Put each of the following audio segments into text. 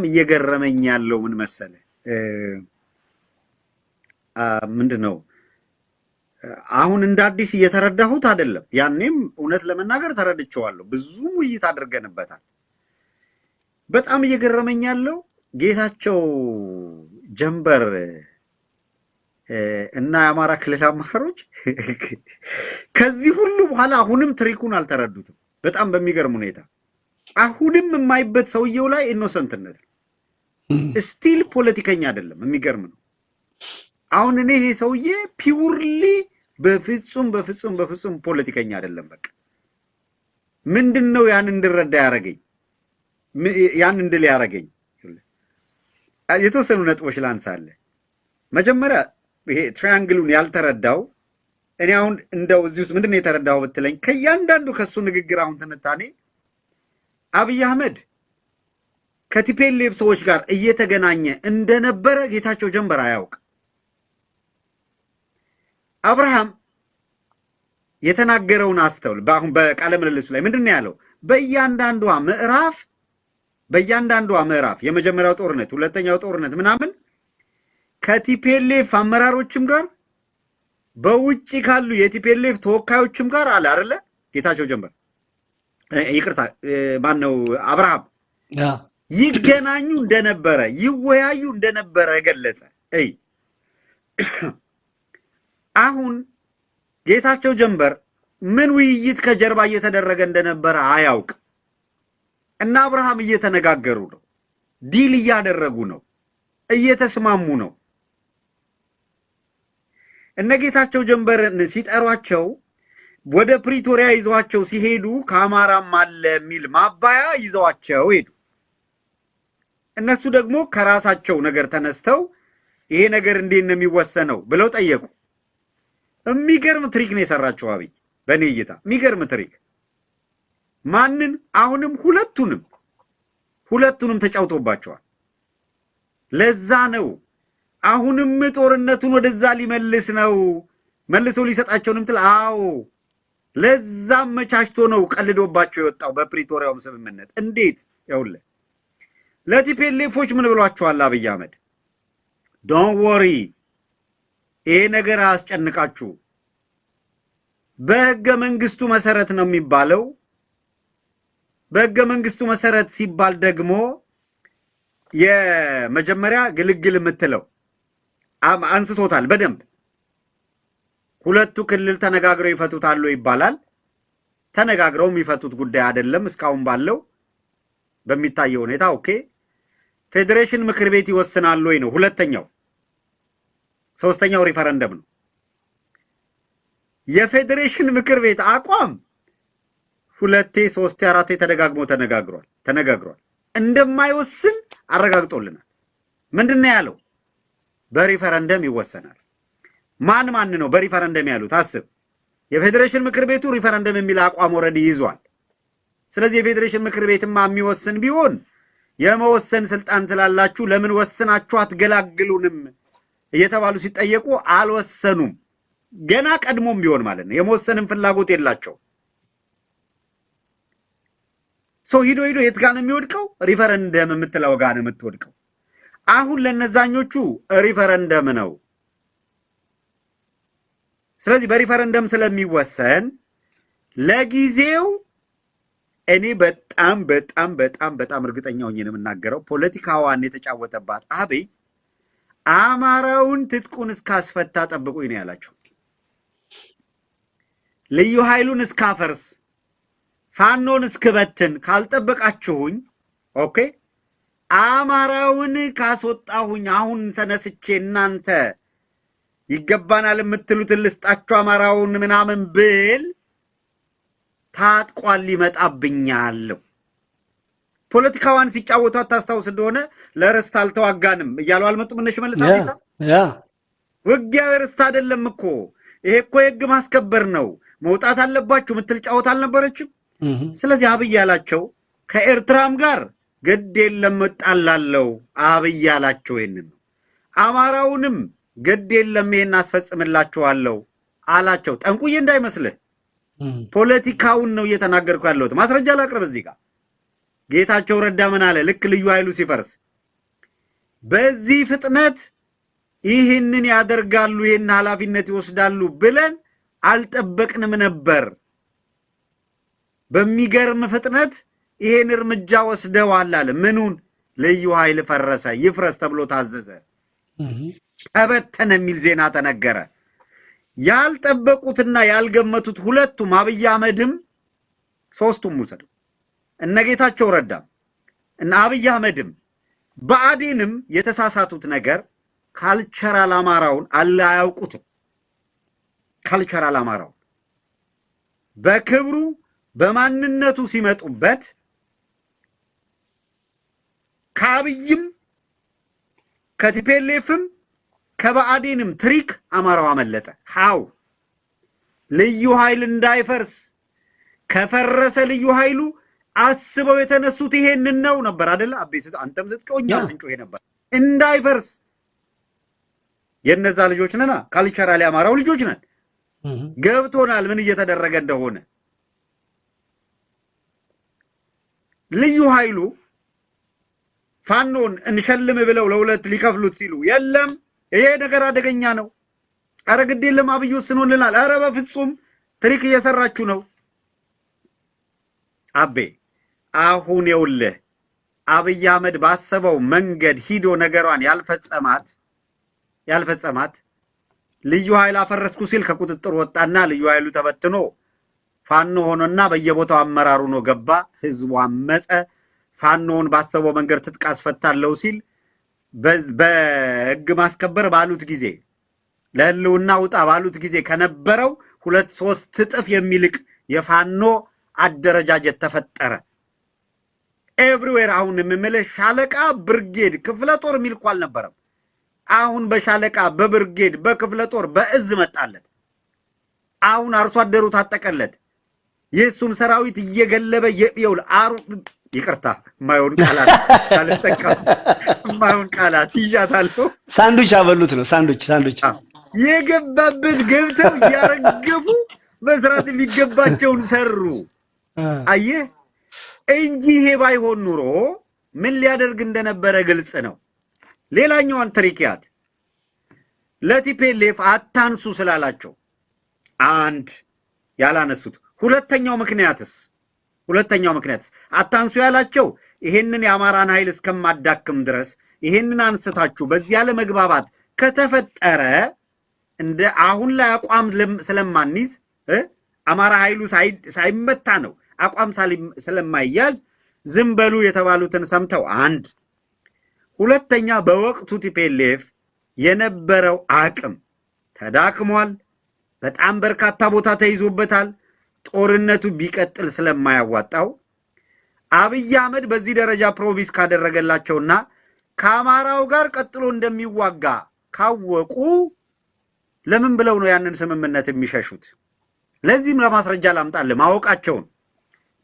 በጣም እየገረመኝ ያለው ምን መሰለ ምንድን ነው አሁን እንደ አዲስ እየተረዳሁት አይደለም። ያኔም እውነት ለመናገር ተረድቼዋለሁ፣ ብዙም ውይይት አድርገንበታል። በጣም እየገረመኝ ያለው ጌታቸው ጀንበር እና የአማራ ክልል አመራሮች ከዚህ ሁሉ በኋላ አሁንም ትሪኩን አልተረዱትም። በጣም በሚገርም ሁኔታ አሁንም የማይበት ሰውየው ላይ ኢኖሰንትነት ነው። ስቲል ፖለቲከኛ አይደለም። የሚገርም ነው። አሁን እኔ ይሄ ሰውዬ ፒውርሊ በፍጹም በፍጹም በፍጹም ፖለቲከኛ አይደለም። በቃ ምንድን ነው ያን እንድረዳ ያረገኝ ያን እንድል ያረገኝ የተወሰኑ ነጥቦች ላንሳለ። መጀመሪያ ይሄ ትሪያንግሉን ያልተረዳው እኔ አሁን እንደው እዚህ ውስጥ ምንድን ነው የተረዳው ብትለኝ ከእያንዳንዱ ከእሱ ንግግር አሁን ትንታኔ አብይ አህመድ ከቲፔሌፍ ሰዎች ጋር እየተገናኘ እንደነበረ ጌታቸው ጀንበር አያውቅ። አብርሃም የተናገረውን አስተውል። በአሁን በቃለ ምልልሱ ላይ ምንድን ነው ያለው? በእያንዳንዷ ምዕራፍ በእያንዳንዷ ምዕራፍ የመጀመሪያው ጦርነት፣ ሁለተኛው ጦርነት ምናምን ከቲፔሌፍ አመራሮችም ጋር በውጭ ካሉ የቲፔሌፍ ተወካዮችም ጋር አለ አይደለ ጌታቸው ጀንበር ይቅርታ፣ ማን ነው አብርሃም ይገናኙ እንደነበረ ይወያዩ እንደነበረ ገለጸ። እይ አሁን ጌታቸው ጀንበር ምን ውይይት ከጀርባ እየተደረገ እንደነበረ አያውቅ እና አብርሃም እየተነጋገሩ ነው፣ ዲል እያደረጉ ነው፣ እየተስማሙ ነው። እነ ጌታቸው ጀንበርን ሲጠሯቸው ወደ ፕሪቶሪያ ይዘዋቸው ሲሄዱ ከአማራም አለ የሚል ማባያ ይዘዋቸው ሄዱ። እነሱ ደግሞ ከራሳቸው ነገር ተነስተው ይሄ ነገር እንዴት ነው የሚወሰነው ብለው ጠየቁ። የሚገርም ትሪክ ነው የሰራቸው አብይ፣ በእኔ እይታ የሚገርም ትሪክ። ማንን? አሁንም ሁለቱንም ሁለቱንም ተጫውቶባቸዋል። ለዛ ነው አሁንም ጦርነቱን ወደዛ ሊመልስ ነው መልሶ ሊሰጣቸው ነው አዎ ለዛም መቻችቶ ነው ቀልዶባቸው የወጣው በፕሪቶሪያውም ስምምነት። እንዴት ያውለ ለቲፔሌፎች ምን ብሏችኋል? አብይ አህመድ ዶን ወሪ፣ ይሄ ነገር አያስጨንቃችሁ፣ በህገ መንግስቱ መሰረት ነው የሚባለው። በህገ መንግስቱ መሰረት ሲባል ደግሞ የመጀመሪያ ግልግል የምትለው አንስቶታል በደንብ ሁለቱ ክልል ተነጋግረው ይፈቱታሉ ይባላል። ተነጋግረው የሚፈቱት ጉዳይ አይደለም እስካሁን ባለው በሚታየው ሁኔታ ኦኬ፣ ፌዴሬሽን ምክር ቤት ይወስናል ወይ ነው ሁለተኛው። ሶስተኛው ሪፈረንደም ነው። የፌዴሬሽን ምክር ቤት አቋም ሁለቴ ሶስቴ አራቴ ተደጋግሞ ተነጋግሯል ተነጋግሯል እንደማይወስን አረጋግጦልናል። ምንድን ነው ያለው? በሪፈረንደም ይወሰናል። ማን ማን ነው በሪፈረንደም ያሉት? አስብ። የፌዴሬሽን ምክር ቤቱ ሪፈረንደም የሚል አቋም ወረድ ይዟል። ስለዚህ የፌዴሬሽን ምክር ቤትማ የሚወስን ቢሆን የመወሰን ስልጣን ስላላችሁ ለምን ወስናችሁ አትገላግሉንም እየተባሉ ሲጠየቁ አልወሰኑም። ገና ቀድሞም ቢሆን ማለት ነው የመወሰንን ፍላጎት የላቸው ሰው ሂዶ ሂዶ የት ጋር ነው የሚወድቀው? ሪፈረንደም የምትለው ጋር ነው የምትወድቀው። አሁን ለነዛኞቹ ሪፈረንደም ነው። ስለዚህ በሪፈረንደም ስለሚወሰን ለጊዜው እኔ በጣም በጣም በጣም በጣም እርግጠኛ ሆኜ ነው የምናገረው ፖለቲካዋን የተጫወተባት አብይ አማራውን ትጥቁን እስካስፈታ ጠብቁኝ ነው ያላቸው። ልዩ ኃይሉን እስካፈርስ ፋኖን እስክበትን ካልጠበቃችሁኝ፣ ኦኬ አማራውን ካስወጣሁኝ አሁን ተነስቼ እናንተ ይገባናል የምትሉትን ልስጣችሁ አማራውን ምናምን ብል ታጥቋል ይመጣብኛል። ፖለቲካዋን ሲጫወቷት ታስታውስ እንደሆነ ለርስት አልተዋጋንም እያሉ አልመጡም። እነሽ መለስ አብዲሳ ውጊያ ርስት አይደለም እኮ ይሄ እኮ የህግ ማስከበር ነው፣ መውጣት አለባችሁ ምትል ጫወት አልነበረችም። ስለዚህ አብይ ያላቸው ከኤርትራም ጋር ግድ የለም እጣላለሁ፣ አብይ ያላቸው ይህንን ነው። አማራውንም ግድ የለም ይሄን አስፈጽምላችኋለሁ አላቸው። ጠንቁዬ እንዳይመስልህ ፖለቲካውን ነው እየተናገርኩ ያለሁት። ማስረጃ ላቅርብ። እዚህ ጋር ጌታቸው ረዳ ምን አለ? ልክ ልዩ ኃይሉ ሲፈርስ በዚህ ፍጥነት ይህንን ያደርጋሉ፣ ይህን ኃላፊነት ይወስዳሉ ብለን አልጠበቅንም ነበር። በሚገርም ፍጥነት ይሄን እርምጃ ወስደዋል አለ። ምኑን? ልዩ ኃይል ፈረሰ፣ ይፍረስ ተብሎ ታዘዘ፣ ተበተነ የሚል ዜና ተነገረ። ያልጠበቁትና ያልገመቱት ሁለቱም አብይ አህመድም ሶስቱም ውሰዱ እነ ጌታቸው ረዳም እነ አብይ አህመድም በአዴንም የተሳሳቱት ነገር ካልቸራል አማራውን አለ አያውቁትም። ካልቸራል አማራውን በክብሩ በማንነቱ ሲመጡበት ከአብይም ከቲፔሌፍም ከባዕዴንም ትሪክ አማራው አመለጠ። ሀው ልዩ ኃይል እንዳይፈርስ ከፈረሰ ልዩ ኃይሉ አስበው የተነሱት ይሄንን ነው ነበር አደለ? አቤ አንተም ስትጮኛ ስንጮሄ ነበር እንዳይፈርስ የነዛ ልጆች ነና ካልቸራሊ አማራው ልጆች ነን። ገብቶናል ምን እየተደረገ እንደሆነ። ልዩ ኃይሉ ፋኖን እንሸልም ብለው ለሁለት ሊከፍሉት ሲሉ የለም ይሄ ነገር አደገኛ ነው። አረ ግዴለም አብይ ወስኖልናል። አረ በፍጹም ትሪክ እየሰራችሁ ነው። አቤ አሁን የውልህ አብይ አህመድ ባሰበው መንገድ ሂዶ ነገሯን ያልፈጸማት ያልፈጸማት ልዩ ኃይል አፈረስኩ ሲል ከቁጥጥር ወጣና ልዩ ኃይሉ ተበትኖ ፋኖ ሆኖና በየቦታው አመራሩ ነው ገባ። ህዝቡ አመፀ። ፋኖውን ባሰበው መንገድ ትጥቅ አስፈታለሁ ሲል በህግ ማስከበር ባሉት ጊዜ ለህልውና ውጣ ባሉት ጊዜ ከነበረው ሁለት ሶስት እጥፍ የሚልቅ የፋኖ አደረጃጀት ተፈጠረ። ኤቭሪዌር አሁን የምምልህ ሻለቃ፣ ብርጌድ፣ ክፍለ ጦር የሚልኩ አልነበረም። አሁን በሻለቃ በብርጌድ በክፍለ ጦር በእዝ መጣለት። አሁን አርሶ አደሩ ታጠቀለት። የእሱን ሰራዊት እየገለበ የውል ይቅርታ የማይሆን ቃላት አልጠቀም፣ የማይሆን ቃላት ይያታለሁ። ሳንዱች አበሉት ነው ሳንዱች ሳንዱች የገባበት ገብተው እያረገፉ መስራት የሚገባቸውን ሰሩ። አየ እንጂ ይሄ ባይሆን ኑሮ ምን ሊያደርግ እንደነበረ ግልጽ ነው። ሌላኛዋን ትሪክያት ለቲፔሌፍ አታንሱ ስላላቸው አንድ ያላነሱት፣ ሁለተኛው ምክንያትስ ሁለተኛው ምክንያት አታንሱ ያላቸው ይሄንን የአማራን ኃይል እስከማዳክም ድረስ ይሄንን አንስታችሁ በዚህ ያለ መግባባት ከተፈጠረ እንደ አሁን ላይ አቋም ስለማንይዝ አማራ ኃይሉ ሳይመታ ነው አቋም ስለማይያዝ ዝም በሉ የተባሉትን ሰምተው አንድ ሁለተኛ በወቅቱ ቲፔሌፍ የነበረው አቅም ተዳክሟል። በጣም በርካታ ቦታ ተይዞበታል። ጦርነቱ ቢቀጥል ስለማያዋጣው አብይ አህመድ በዚህ ደረጃ ፕሮቪስ ካደረገላቸውና ከአማራው ጋር ቀጥሎ እንደሚዋጋ ካወቁ ለምን ብለው ነው ያንን ስምምነት የሚሸሹት? ለዚህም ለማስረጃ ላምጣለ ማወቃቸውን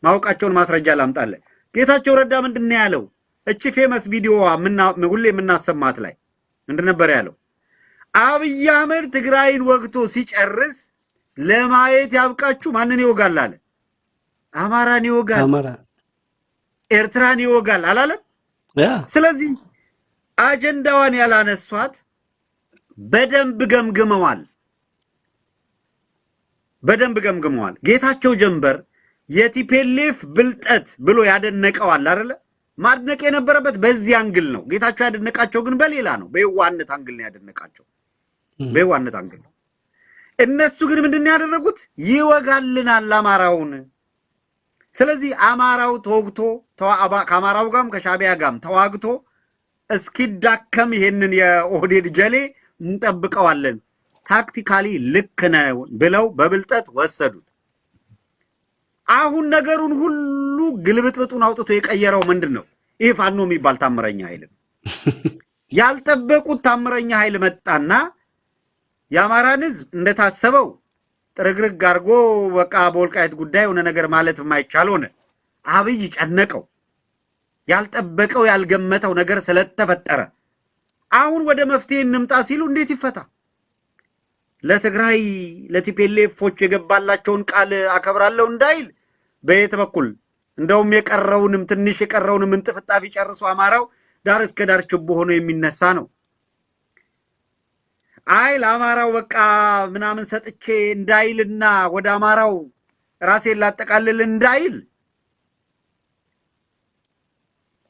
ማወቃቸውን ማስረጃ ላምጣለ። ጌታቸው ረዳ ምንድን ነው ያለው? እቺ ፌመስ ቪዲዮዋ ሁሌ የምናሰማት ላይ ምንድን ነበር ያለው? አብይ አህመድ ትግራይን ወግቶ ሲጨርስ ለማየት ያብቃችሁ። ማንን ይወጋል አለ? አማራን ይወጋል፣ ኤርትራን ይወጋል አላለም? ስለዚህ አጀንዳዋን ያላነሷት በደንብ ገምግመዋል፣ በደንብ ገምግመዋል። ጌታቸው ጀንበር የቲፔሌፍ ብልጠት ብሎ ያደነቀዋል አይደለ? ማድነቅ የነበረበት በዚህ አንግል ነው። ጌታቸው ያደነቃቸው ግን በሌላ ነው፣ በየዋህነት አንግል ነው ያደነቃቸው፣ በየዋህነት አንግል ነው። እነሱ ግን ምንድን ያደረጉት ይወጋልናል አማራውን። ስለዚህ አማራው ተወግቶ ከአማራው ጋም ከሻቢያ ጋም ተዋግቶ እስኪዳከም ይሄንን የኦህዴድ ጀሌ እንጠብቀዋለን፣ ታክቲካሊ ልክ ነው ብለው በብልጠት ወሰዱት። አሁን ነገሩን ሁሉ ግልብጥብጡን አውጥቶ የቀየረው ምንድን ነው? ይህ ፋኖ የሚባል ታምረኛ ኃይል ያልጠበቁት ታምረኛ ኃይል መጣና የአማራን ህዝብ እንደታሰበው ጥርግርግ አድርጎ በቃ በወልቃይት ጉዳይ የሆነ ነገር ማለት የማይቻል ሆነ። አብይ ጨነቀው። ያልጠበቀው ያልገመተው ነገር ስለተፈጠረ አሁን ወደ መፍትሄ እንምጣ ሲሉ እንዴት ይፈታ? ለትግራይ ለቲፔሌፎች የገባላቸውን ቃል አከብራለሁ እንዳይል በየት በኩል እንደውም የቀረውንም ትንሽ የቀረውንም እንጥፍጣፊ ጨርሶ አማራው ዳር እስከ ዳር ችቦ ሆኖ የሚነሳ ነው። አይ ለአማራው በቃ ምናምን ሰጥቼ እንዳይልና ወደ አማራው ራሴን ላጠቃልል እንዳይል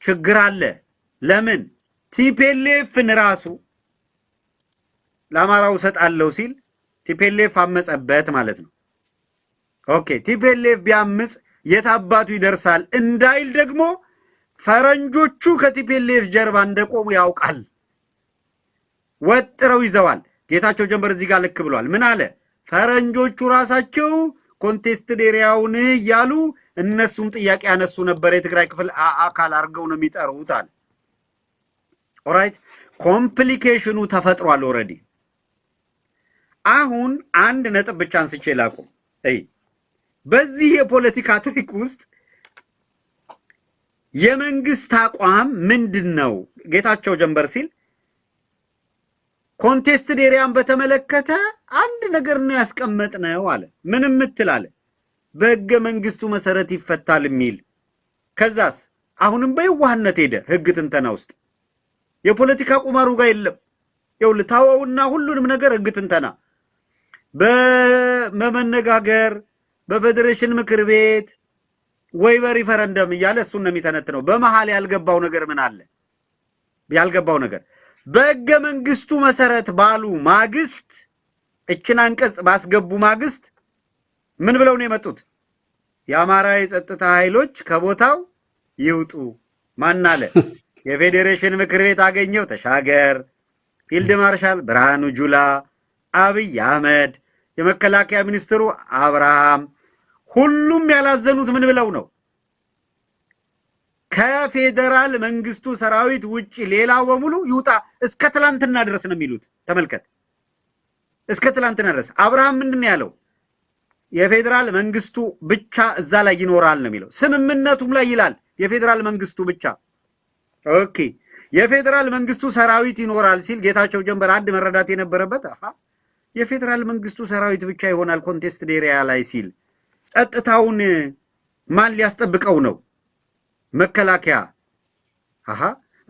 ችግር አለ። ለምን ቲፔሌፍን ራሱ ለአማራው እሰጣለሁ ሲል ቲፔሌፍ አመፀበት ማለት ነው። ኦኬ ቲፔሌፍ ቢያምፅ የት አባቱ ይደርሳል እንዳይል ደግሞ ፈረንጆቹ ከቲፔሌፍ ጀርባ እንደቆሙ ያውቃል። ወጥረው ይዘዋል። ጌታቸው ጀንበር እዚህ ጋር ልክ ብሏል። ምን አለ? ፈረንጆቹ ራሳቸው ኮንቴስትድ ኤሪያውን እያሉ እነሱም ጥያቄ ያነሱ ነበር፣ የትግራይ ክፍል አካል አድርገው ነው የሚጠሩት አለ። ኦራይት ኮምፕሊኬሽኑ ተፈጥሯል። ኦልሬዲ አሁን አንድ ነጥብ ብቻ አንስቼ ላቁ። እይ በዚህ የፖለቲካ ትሪክ ውስጥ የመንግስት አቋም ምንድን ነው? ጌታቸው ጀንበር ሲል ኮንቴስትድ ኤሪያን በተመለከተ አንድ ነገር ነው ያስቀመጥነው አለ። ምንም ምትል አለ በህገ መንግስቱ መሰረት ይፈታል የሚል ከዛስ፣ አሁንም በየዋህነት ሄደ ህግ ትንተና ውስጥ የፖለቲካ ቁማሩ ጋር የለም። ይኸውልህ ታወውና ሁሉንም ነገር ህግ ትንተና በመነጋገር በፌዴሬሽን ምክር ቤት ወይ በሪፈረንደም እያለ እሱን ነው የሚተነትነው። በመሀል ያልገባው ነገር ምን አለ? ያልገባው ነገር በሕገ መንግስቱ መሰረት ባሉ ማግስት እችን አንቀጽ ባስገቡ ማግስት ምን ብለው ነው የመጡት? የአማራ የጸጥታ ኃይሎች ከቦታው ይውጡ። ማን አለ? የፌዴሬሽን ምክር ቤት አገኘው ተሻገር፣ ፊልድ ማርሻል ብርሃኑ ጁላ፣ አብይ አህመድ፣ የመከላከያ ሚኒስትሩ አብርሃም፣ ሁሉም ያላዘኑት ምን ብለው ነው ከፌዴራል መንግስቱ ሰራዊት ውጭ ሌላው በሙሉ ይውጣ እስከ ትላንትና ድረስ ነው የሚሉት። ተመልከት፣ እስከ ትላንትና ድረስ አብርሃም ምንድን ነው ያለው? የፌዴራል መንግስቱ ብቻ እዛ ላይ ይኖራል ነው የሚለው። ስምምነቱም ላይ ይላል የፌዴራል መንግስቱ ብቻ። ኦኬ፣ የፌዴራል መንግስቱ ሰራዊት ይኖራል ሲል ጌታቸው ጀንበር አንድ መረዳት የነበረበት የፌዴራል መንግስቱ ሰራዊት ብቻ ይሆናል ኮንቴስት ኤሪያ ላይ ሲል ጸጥታውን ማን ሊያስጠብቀው ነው? መከላከያ አሃ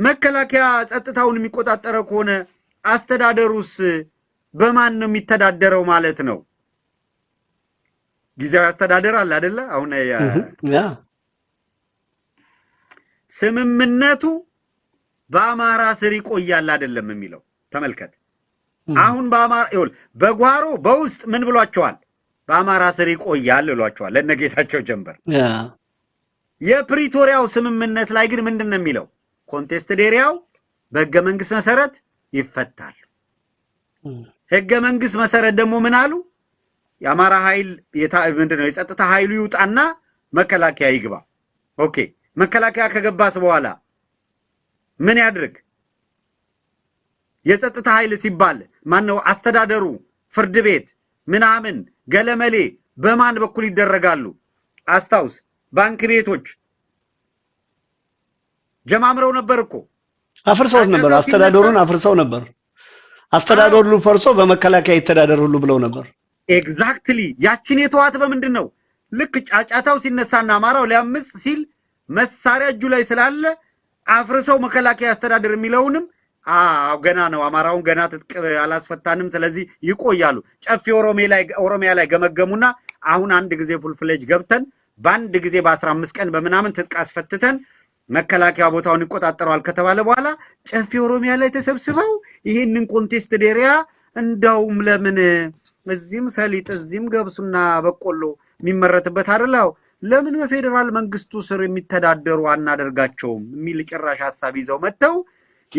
መከላከያ ጸጥታውን የሚቆጣጠረው ከሆነ አስተዳደሩስ በማን ነው የሚተዳደረው ማለት ነው? ጊዜያዊ አስተዳደር አለ አደለ? አሁን ስምምነቱ በአማራ ስር ይቆያል አይደለም የሚለው ተመልከት። አሁን በአማራ ይኸውልህ፣ በጓሮ በውስጥ ምን ብሏቸዋል? በአማራ ስር ይቆያል ብሏቸዋል ለእነ ጌታቸው ጀንበር የፕሪቶሪያው ስምምነት ላይ ግን ምንድን ነው የሚለው? ኮንቴስትድ ኤሪያው በህገ መንግስት መሰረት ይፈታል። ህገ መንግስት መሰረት ደግሞ ምን አሉ? የአማራ ኃይል ምንድነው የጸጥታ ኃይሉ ይውጣና መከላከያ ይግባ። ኦኬ መከላከያ ከገባስ በኋላ ምን ያድርግ? የጸጥታ ኃይል ሲባል ማነው? አስተዳደሩ፣ ፍርድ ቤት ምናምን ገለመሌ በማን በኩል ይደረጋሉ? አስታውስ ባንክ ቤቶች ጀማምረው ነበር እኮ አፍርሰውት ነበር። አስተዳደሩን አፍርሰው ነበር። አስተዳደሩ ሁሉ ፈርሶ በመከላከያ ይተዳደር ሁሉ ብለው ነበር። ኤግዛክትሊ ያችን የተዋት በምንድን ነው? ልክ ጫጫታው ሲነሳና አማራው ሊያምጽ ሲል መሳሪያ እጁ ላይ ስላለ አፍርሰው መከላከያ አስተዳደር የሚለውንም ገና ነው። አማራውን ገና ትጥቅ አላስፈታንም፣ ስለዚህ ይቆያሉ። ጨፌ ኦሮሚያ ላይ ገመገሙና አሁን አንድ ጊዜ ፉልፍሌጅ ገብተን በአንድ ጊዜ በአስራ 15 ቀን በምናምን ትጥቅ አስፈትተን መከላከያ ቦታውን ይቆጣጠረዋል ከተባለ በኋላ ጨፌ ኦሮሚያ ላይ ተሰብስበው ይህንን ኮንቴስት ዴሪያ እንዳውም ለምን እዚህም ሰሊጥ እዚህም ገብሱና በቆሎ የሚመረትበት አይደላው ለምን በፌዴራል መንግስቱ ስር የሚተዳደሩ አናደርጋቸውም የሚል ጭራሽ ሀሳብ ይዘው መጥተው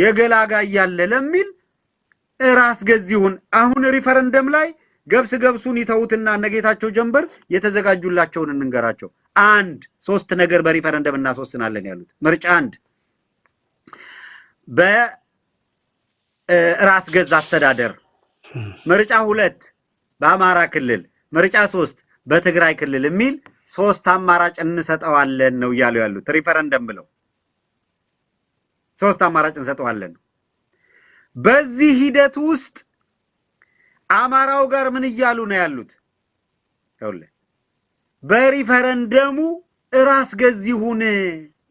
የገላጋ እያለ ለሚል ራስ ገዚሁን አሁን ሪፈረንደም ላይ ገብስ ገብሱን ይተውትና እነጌታቸው ጀንበር የተዘጋጁላቸውን እንንገራቸው። አንድ ሶስት ነገር በሪፈረንደም እናስወስናለን ያሉት ምርጫ አንድ በራስ ገዝ አስተዳደር፣ ምርጫ ሁለት በአማራ ክልል፣ ምርጫ ሶስት በትግራይ ክልል የሚል ሶስት አማራጭ እንሰጠዋለን ነው እያሉ ያሉት ሪፈረንደም ብለው ሶስት አማራጭ እንሰጠዋለን ነው። በዚህ ሂደት ውስጥ አማራው ጋር ምን እያሉ ነው ያሉት? በሪፈረንደሙ ራስ ገዝ ይሁን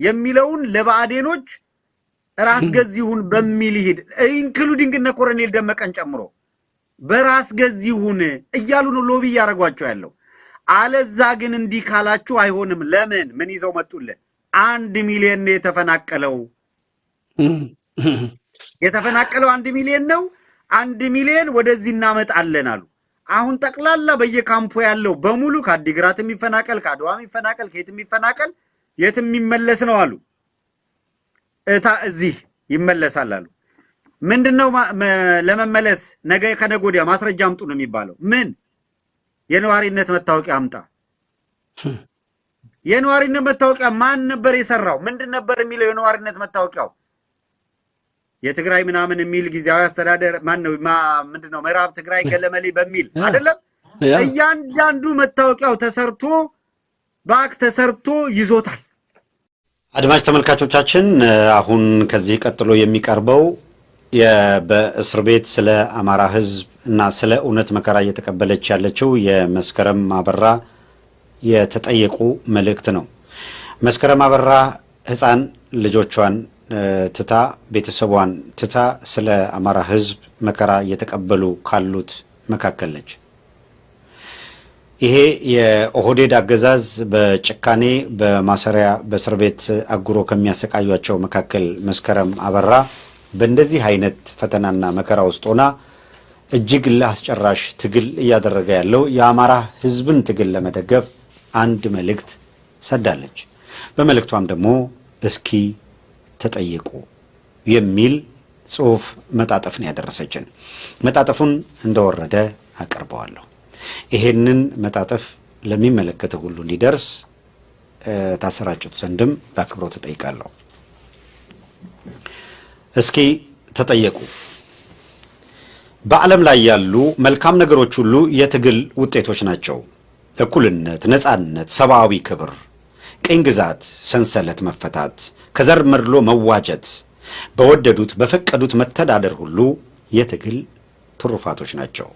የሚለውን ለባዕዴኖች ራስ ገዝ ይሁን በሚል ይሄድ ኢንክሉዲንግ እነ ኮሎኔል ደመቀን ጨምሮ በራስ ገዝ ይሁን እያሉ ነው ሎቢ እያደረጓቸው ያለው። አለዛ ግን እንዲህ ካላችሁ አይሆንም። ለምን ምን ይዘው መጡልን? አንድ ሚሊዮን ነው የተፈናቀለው። የተፈናቀለው አንድ ሚሊዮን ነው። አንድ ሚሊዮን ወደዚህ እናመጣለን አሉ። አሁን ጠቅላላ በየካምፖ ያለው በሙሉ ከአዲግራት የሚፈናቀል ከአድዋ የሚፈናቀል ከየት የሚፈናቀል የት የሚመለስ ነው አሉ። እታ እዚህ ይመለሳል አሉ። ምንድነው ለመመለስ ነገ ከነገ ወዲያ ማስረጃ አምጡ ነው የሚባለው። ምን የነዋሪነት መታወቂያ አምጣ። የነዋሪነት መታወቂያ ማን ነበር የሰራው? ምንድን ነበር የሚለው የነዋሪነት መታወቂያው? የትግራይ ምናምን የሚል ጊዜያዊ አስተዳደር ማን ነው ምንድን ነው ምዕራብ ትግራይ ገለመሌ በሚል አይደለም። እያንዳንዱ መታወቂያው ተሰርቶ በአክ ተሰርቶ ይዞታል። አድማጭ ተመልካቾቻችን አሁን ከዚህ ቀጥሎ የሚቀርበው በእስር ቤት ስለ አማራ ህዝብ እና ስለ እውነት መከራ እየተቀበለች ያለችው የመስከረም አበራ የተጠየቁ መልእክት ነው። መስከረም አበራ ህፃን ልጆቿን ትታ ቤተሰቧን ትታ ስለ አማራ ህዝብ መከራ እየተቀበሉ ካሉት መካከል ነች። ይሄ የኦህዴድ አገዛዝ በጭካኔ በማሰሪያ በእስር ቤት አጉሮ ከሚያሰቃያቸው መካከል መስከረም አበራ በእንደዚህ አይነት ፈተናና መከራ ውስጥ ሆና እጅግ ለአስጨራሽ ትግል እያደረገ ያለው የአማራ ህዝብን ትግል ለመደገፍ አንድ መልእክት ሰዳለች። በመልእክቷም ደግሞ እስኪ ተጠይቁ የሚል ጽሁፍ መጣጠፍን ያደረሰችን። መጣጠፉን እንደወረደ አቀርበዋለሁ። ይሄንን መጣጠፍ ለሚመለከተው ሁሉ እንዲደርስ ታሰራጩት ዘንድም በአክብሮ ተጠይቃለሁ። እስኪ ተጠየቁ። በዓለም ላይ ያሉ መልካም ነገሮች ሁሉ የትግል ውጤቶች ናቸው። እኩልነት፣ ነፃነት፣ ሰብአዊ ክብር ቅኝ ግዛት ሰንሰለት መፈታት፣ ከዘር መድሎ መዋጀት፣ በወደዱት በፈቀዱት መተዳደር ሁሉ የትግል ትሩፋቶች ናቸው።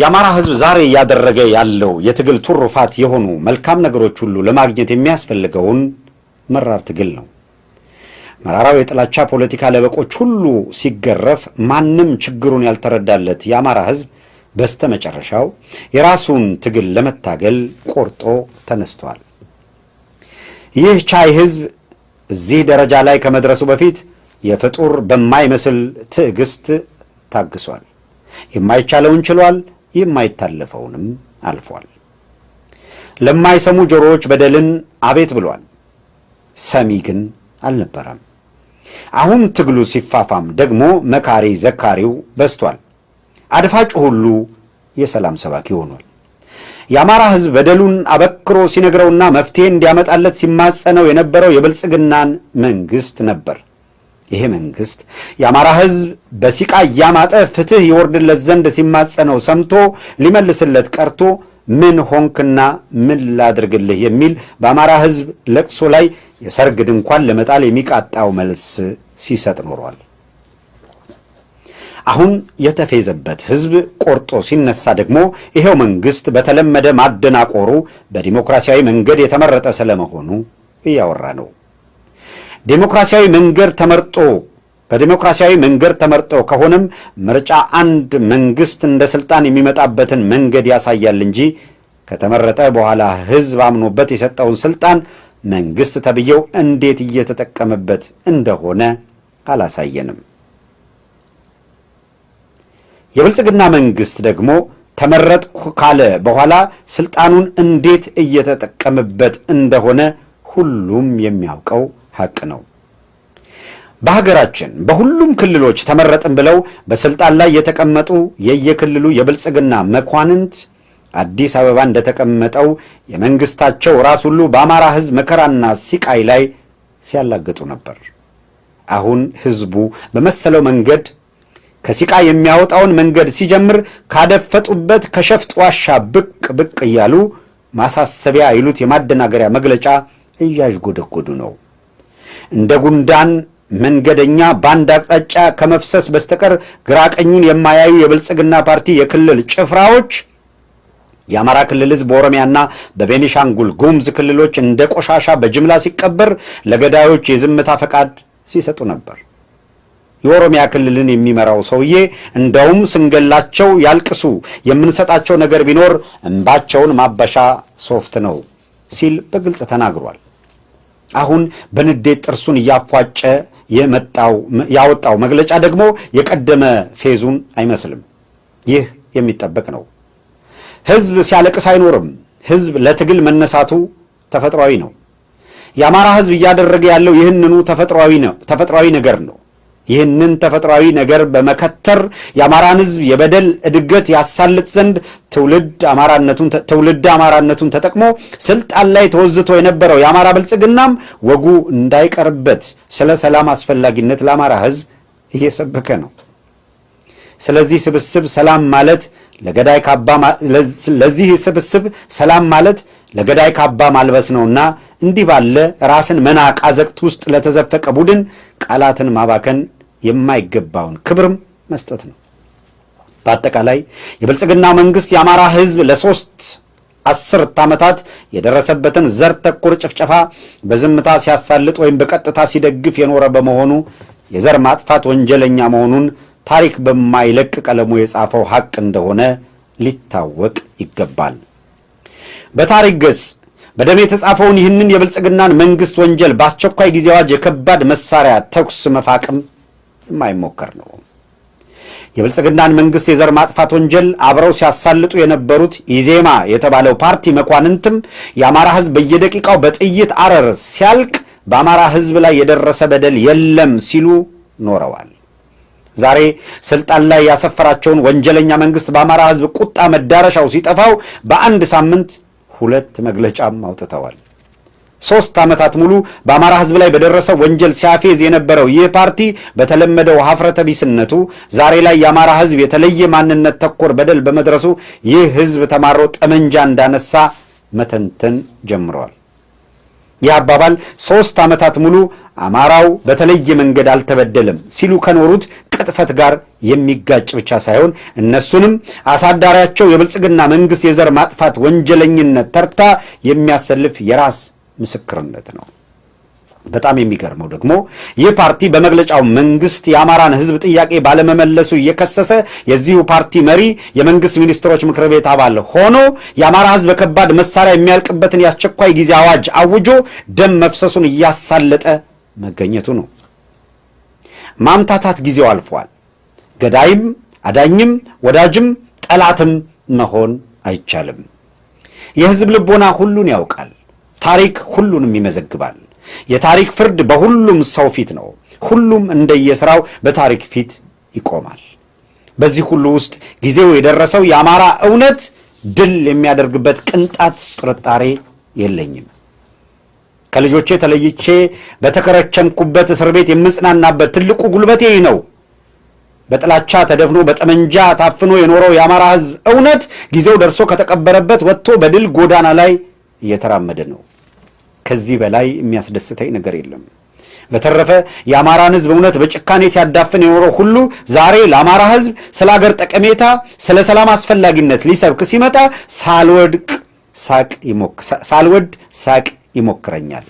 የአማራ ሕዝብ ዛሬ እያደረገ ያለው የትግል ትሩፋት የሆኑ መልካም ነገሮች ሁሉ ለማግኘት የሚያስፈልገውን መራር ትግል ነው። መራራው የጥላቻ ፖለቲካ ለበቆች ሁሉ ሲገረፍ ማንም ችግሩን ያልተረዳለት የአማራ ሕዝብ በስተመጨረሻው የራሱን ትግል ለመታገል ቆርጦ ተነስቷል። ይህ ቻይ ህዝብ እዚህ ደረጃ ላይ ከመድረሱ በፊት የፍጡር በማይመስል ትዕግስት ታግሷል። የማይቻለውን ችሏል፣ የማይታለፈውንም አልፏል። ለማይሰሙ ጆሮዎች በደልን አቤት ብሏል። ሰሚ ግን አልነበረም። አሁን ትግሉ ሲፋፋም ደግሞ መካሪ ዘካሪው በዝቷል። አድፋጩ ሁሉ የሰላም ሰባኪ ሆኗል። የአማራ ህዝብ በደሉን አበክሮ ሲነግረውና መፍትሄ እንዲያመጣለት ሲማጸነው የነበረው የብልጽግናን መንግስት ነበር። ይሄ መንግስት የአማራ ህዝብ በሲቃ እያማጠ ፍትህ ይወርድለት ዘንድ ሲማጸነው ሰምቶ ሊመልስለት ቀርቶ ምን ሆንክና ምን ላድርግልህ የሚል በአማራ ህዝብ ለቅሶ ላይ የሰርግ ድንኳን ለመጣል የሚቃጣው መልስ ሲሰጥ ኖሯል። አሁን የተፌዘበት ህዝብ ቆርጦ ሲነሳ ደግሞ ይሄው መንግስት በተለመደ ማደናቆሩ በዲሞክራሲያዊ መንገድ የተመረጠ ስለመሆኑ እያወራ ነው። ዲሞክራሲያዊ መንገድ ተመርጦ በዲሞክራሲያዊ መንገድ ተመርጦ ከሆነም ምርጫ አንድ መንግስት እንደ ስልጣን የሚመጣበትን መንገድ ያሳያል እንጂ ከተመረጠ በኋላ ህዝብ አምኖበት የሰጠውን ስልጣን መንግስት ተብዬው እንዴት እየተጠቀመበት እንደሆነ አላሳየንም። የብልጽግና መንግስት ደግሞ ተመረጥኩ ካለ በኋላ ስልጣኑን እንዴት እየተጠቀምበት እንደሆነ ሁሉም የሚያውቀው ሐቅ ነው። በሀገራችን በሁሉም ክልሎች ተመረጥን ብለው በስልጣን ላይ የተቀመጡ የየክልሉ የብልጽግና መኳንንት አዲስ አበባ እንደተቀመጠው የመንግስታቸው ራስ ሁሉ በአማራ ህዝብ መከራና ሲቃይ ላይ ሲያላግጡ ነበር። አሁን ህዝቡ በመሰለው መንገድ ከሲቃ የሚያወጣውን መንገድ ሲጀምር ካደፈጡበት ከሸፍጥ ዋሻ ብቅ ብቅ እያሉ ማሳሰቢያ ይሉት የማደናገሪያ መግለጫ እያዥጎደጎዱ ነው። እንደ ጉንዳን መንገደኛ በአንድ አቅጣጫ ከመፍሰስ በስተቀር ግራቀኙን የማያዩ የብልጽግና ፓርቲ የክልል ጭፍራዎች የአማራ ክልል ሕዝብ በኦሮሚያና በቤኒሻንጉል ጉሙዝ ክልሎች እንደ ቆሻሻ በጅምላ ሲቀበር ለገዳዮች የዝምታ ፈቃድ ሲሰጡ ነበር። የኦሮሚያ ክልልን የሚመራው ሰውዬ እንደውም ስንገላቸው ያልቅሱ፣ የምንሰጣቸው ነገር ቢኖር እንባቸውን ማበሻ ሶፍት ነው ሲል በግልጽ ተናግሯል። አሁን በንዴት ጥርሱን እያፏጨ የመጣው ያወጣው መግለጫ ደግሞ የቀደመ ፌዙን አይመስልም። ይህ የሚጠበቅ ነው። ህዝብ ሲያለቅስ አይኖርም። ህዝብ ለትግል መነሳቱ ተፈጥሯዊ ነው። የአማራ ህዝብ እያደረገ ያለው ይህንኑ ተፈጥሯዊ ነገር ነው። ይህንን ተፈጥሯዊ ነገር በመከተር የአማራን ህዝብ የበደል እድገት ያሳልጥ ዘንድ ትውልድ አማራነቱን ትውልድ አማራነቱን ተጠቅሞ ስልጣን ላይ ተወዝቶ የነበረው የአማራ ብልጽግናም ወጉ እንዳይቀርበት ስለ ሰላም አስፈላጊነት ለአማራ ህዝብ እየሰበከ ነው። ስለዚህ ስብስብ ሰላም ማለት ለገዳይ ካባ ለዚህ ስብስብ ሰላም ማለት ለገዳይ ካባ ማልበስ ነውና እንዲህ ባለ ራስን መናቅ አዘቅት ውስጥ ለተዘፈቀ ቡድን ቃላትን ማባከን የማይገባውን ክብርም መስጠት ነው። በአጠቃላይ የብልጽግና መንግስት የአማራ ህዝብ ለሶስት አስርት ዓመታት የደረሰበትን ዘር ተኮር ጭፍጨፋ በዝምታ ሲያሳልጥ ወይም በቀጥታ ሲደግፍ የኖረ በመሆኑ የዘር ማጥፋት ወንጀለኛ መሆኑን ታሪክ በማይለቅ ቀለሙ የጻፈው ሐቅ እንደሆነ ሊታወቅ ይገባል። በታሪክ ገጽ በደም የተጻፈውን ይህንን የብልጽግናን መንግስት ወንጀል በአስቸኳይ ጊዜ አዋጅ የከባድ መሳሪያ ተኩስ መፋቅም የማይሞከር ነው። የብልጽግናን መንግስት የዘር ማጥፋት ወንጀል አብረው ሲያሳልጡ የነበሩት ኢዜማ የተባለው ፓርቲ መኳንንትም የአማራ ህዝብ በየደቂቃው በጥይት አረር ሲያልቅ በአማራ ህዝብ ላይ የደረሰ በደል የለም ሲሉ ኖረዋል። ዛሬ ስልጣን ላይ ያሰፈራቸውን ወንጀለኛ መንግስት በአማራ ህዝብ ቁጣ መዳረሻው ሲጠፋው በአንድ ሳምንት ሁለት መግለጫም አውጥተዋል። ሶስት ዓመታት ሙሉ በአማራ ሕዝብ ላይ በደረሰው ወንጀል ሲያፌዝ የነበረው ይህ ፓርቲ በተለመደው ሀፍረተ ቢስነቱ ዛሬ ላይ የአማራ ሕዝብ የተለየ ማንነት ተኮር በደል በመድረሱ ይህ ሕዝብ ተማሮ ጠመንጃ እንዳነሳ መተንተን ጀምሯል። ይህ አባባል ሶስት ዓመታት ሙሉ አማራው በተለየ መንገድ አልተበደለም ሲሉ ከኖሩት ቅጥፈት ጋር የሚጋጭ ብቻ ሳይሆን እነሱንም አሳዳሪያቸው የብልጽግና መንግስት የዘር ማጥፋት ወንጀለኝነት ተርታ የሚያሰልፍ የራስ ምስክርነት ነው። በጣም የሚገርመው ደግሞ ይህ ፓርቲ በመግለጫው መንግስት የአማራን ህዝብ ጥያቄ ባለመመለሱ እየከሰሰ የዚሁ ፓርቲ መሪ የመንግስት ሚኒስትሮች ምክር ቤት አባል ሆኖ የአማራ ህዝብ በከባድ መሳሪያ የሚያልቅበትን የአስቸኳይ ጊዜ አዋጅ አውጆ ደም መፍሰሱን እያሳለጠ መገኘቱ ነው። ማምታታት ጊዜው አልፏል። ገዳይም አዳኝም ወዳጅም ጠላትም መሆን አይቻልም። የህዝብ ልቦና ሁሉን ያውቃል። ታሪክ ሁሉንም ይመዘግባል። የታሪክ ፍርድ በሁሉም ሰው ፊት ነው። ሁሉም እንደየስራው በታሪክ ፊት ይቆማል። በዚህ ሁሉ ውስጥ ጊዜው የደረሰው የአማራ እውነት ድል የሚያደርግበት ቅንጣት ጥርጣሬ የለኝም። ከልጆቼ ተለይቼ በተከረቸምኩበት እስር ቤት የምጽናናበት ትልቁ ጉልበቴ ነው። በጥላቻ ተደፍኖ በጠመንጃ ታፍኖ የኖረው የአማራ ሕዝብ እውነት ጊዜው ደርሶ ከተቀበረበት ወጥቶ በድል ጎዳና ላይ እየተራመደ ነው። ከዚህ በላይ የሚያስደስተኝ ነገር የለም። በተረፈ የአማራን ህዝብ እውነት በጭካኔ ሲያዳፍን የኖረው ሁሉ ዛሬ ለአማራ ህዝብ ስለ አገር ጠቀሜታ፣ ስለ ሰላም አስፈላጊነት ሊሰብክ ሲመጣ ሳልወድቅ ሳቅ ሳልወድ ሳቅ ይሞክረኛል።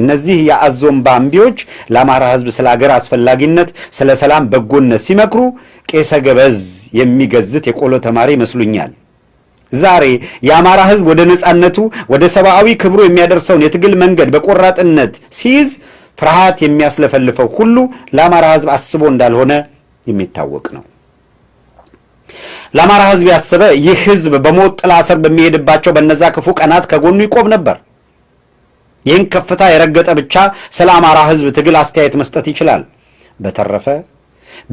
እነዚህ የአዞን ባምቢዎች ለአማራ ህዝብ ስለ አገር አስፈላጊነት፣ ስለ ሰላም በጎነት ሲመክሩ ቄሰ ገበዝ የሚገዝት የቆሎ ተማሪ ይመስሉኛል። ዛሬ የአማራ ህዝብ ወደ ነፃነቱ ወደ ሰብአዊ ክብሩ የሚያደርሰውን የትግል መንገድ በቆራጥነት ሲይዝ ፍርሃት የሚያስለፈልፈው ሁሉ ለአማራ ህዝብ አስቦ እንዳልሆነ የሚታወቅ ነው። ለአማራ ህዝብ ያሰበ ይህ ህዝብ በሞት ጥላ ስር በሚሄድባቸው በነዛ ክፉ ቀናት ከጎኑ ይቆም ነበር። ይህን ከፍታ የረገጠ ብቻ ስለ አማራ ህዝብ ትግል አስተያየት መስጠት ይችላል። በተረፈ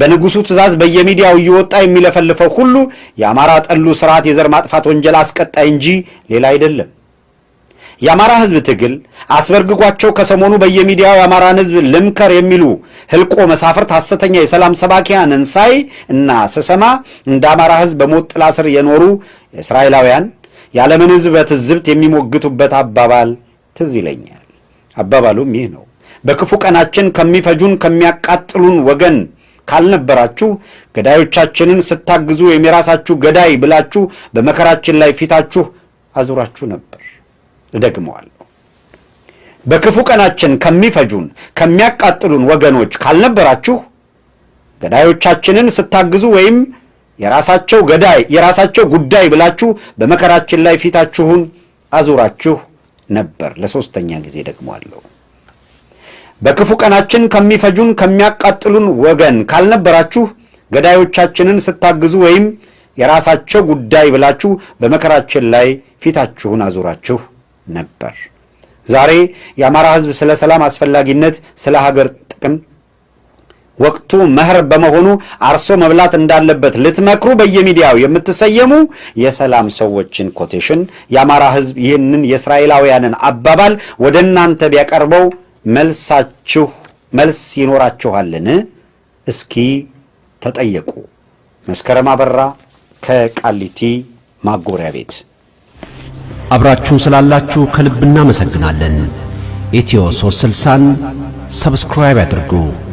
በንጉሱ ትእዛዝ በየሚዲያው እየወጣ የሚለፈልፈው ሁሉ የአማራ ጠሉ ስርዓት የዘር ማጥፋት ወንጀል አስቀጣይ እንጂ ሌላ አይደለም። የአማራ ህዝብ ትግል አስበርግጓቸው ከሰሞኑ በየሚዲያው የአማራን ህዝብ ልምከር የሚሉ ህልቆ መሳፍርት ሐሰተኛ የሰላም ሰባኪያንን ሳይ እና ስሰማ እንደ አማራ ህዝብ በሞት ጥላ ስር የኖሩ እስራኤላውያን የዓለምን ህዝብ በትዝብት የሚሞግቱበት አባባል ትዝ ይለኛል። አባባሉም ይህ ነው። በክፉ ቀናችን ከሚፈጁን ከሚያቃጥሉን ወገን ካልነበራችሁ ገዳዮቻችንን ስታግዙ የሚራሳችሁ ገዳይ ብላችሁ በመከራችን ላይ ፊታችሁ አዙራችሁ ነበር። እደግመዋለሁ። በክፉ ቀናችን ከሚፈጁን ከሚያቃጥሉን ወገኖች ካልነበራችሁ ገዳዮቻችንን ስታግዙ ወይም የራሳቸው ገዳይ የራሳቸው ጉዳይ ብላችሁ በመከራችን ላይ ፊታችሁን አዙራችሁ ነበር። ለሶስተኛ ጊዜ ደግሟለሁ። በክፉ ቀናችን ከሚፈጁን ከሚያቃጥሉን ወገን ካልነበራችሁ ገዳዮቻችንን ስታግዙ ወይም የራሳቸው ጉዳይ ብላችሁ በመከራችን ላይ ፊታችሁን አዙራችሁ ነበር። ዛሬ የአማራ ሕዝብ ስለ ሰላም አስፈላጊነት፣ ስለ ሀገር ጥቅም ወቅቱ መኸር በመሆኑ አርሶ መብላት እንዳለበት ልትመክሩ በየሚዲያው የምትሰየሙ የሰላም ሰዎችን ኮቴሽን የአማራ ሕዝብ ይህንን የእስራኤላውያንን አባባል ወደ እናንተ ቢያቀርበው መልሳችሁ መልስ ይኖራችኋልን? እስኪ ተጠየቁ። መስከረም አበራ ከቃሊቲ ማጎሪያ ቤት አብራችሁን ስላላችሁ ከልብ እናመሰግናለን። ኢትዮ 360ን ሰብስክራይብ ያድርጉ።